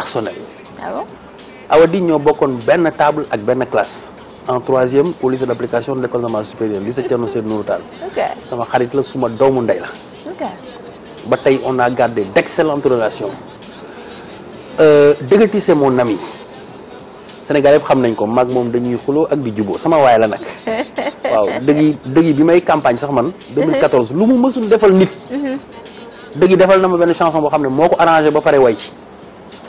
personnel. ah di ñoo bokkoon benn table ak benn classe. en troisième au lycée d'application de l'école normale supérieure lycée Thierno Seydou Nourou Tall. sama xarit la suma doomu ndey la. ba tey on a gardé d'excellentes relations. Euh, Dégati c'est mon ami Sénégal xam nañ ko mag moom dañuy xuloo ak di juboo sama waay la nag waaw dëgg dëgg bi may campagne sax man 2014 lu mu mësul defal nit. Mhm. dëgg defal na ma benn chanson boo xam ne moo ko arrangé ba pare way ci.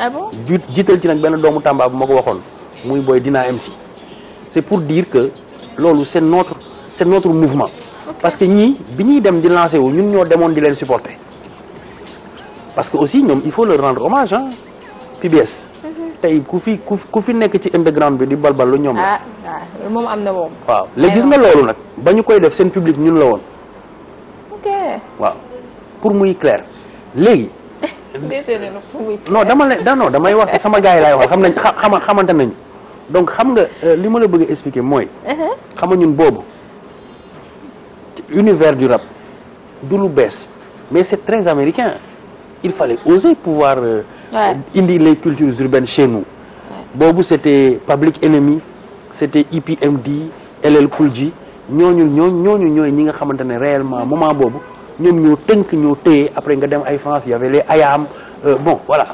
ah bon jiital ci nag benn doomu Tamba bu ma ko waxoon muy booy dinaa am si c'est pour diir que loolu c'est notre c'est notre mouvement parce que ñii bi ñuy dem di lancer wu ñun ñoo demoon di leen supporter parce que aussi ñoom il faut leur rendre hommage PBS mhm. tey ku fi ku fi nekk ci underground bi di balbal lu ñoom la ah, ah, moom am na moom léegi gis nga loolu nag ba ñu koy def seen public ñun la woon ok waaw pour muy clair léegi non dama ne non damay wax sama gars yi laay waxal xam nañ xama xamante nañu donc xam nga euh, li ma la bëgg a expliquer mooy. Uh-huh. xam nga ñun boobu univers du rap du lu bees mais c'est très américain il fallait oser pouvoir. Euh, indi les cultures urbaines chez nous. boobu c'était Public Enemy c'était EPMD LL Cool J ñooñu ñooñu ñooñu ñooy ñi nga xamante ne réellement mm-hmm. moment boobu. ñoom ñoo tënk ñoo téye après nga dem ay France y avait les ayam euh, bon voilà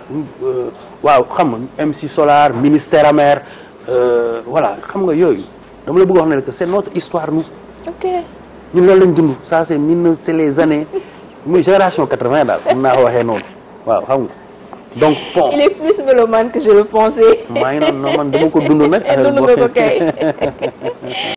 euh, waaw xam nga MC Solar ministère amer euh, voilà xam nga yooyu dama la bëgg wax ne que c'est notre histoire nous. ok ñun loolu lañ dund ça c'est mille c'est les années muy génération 80 daal mën naa ko waxee noonu waaw xam nga. donc il est plus mélomane que je pensais. maa ngi naan non man dama ko dund nag. dund nga ko euh, kay.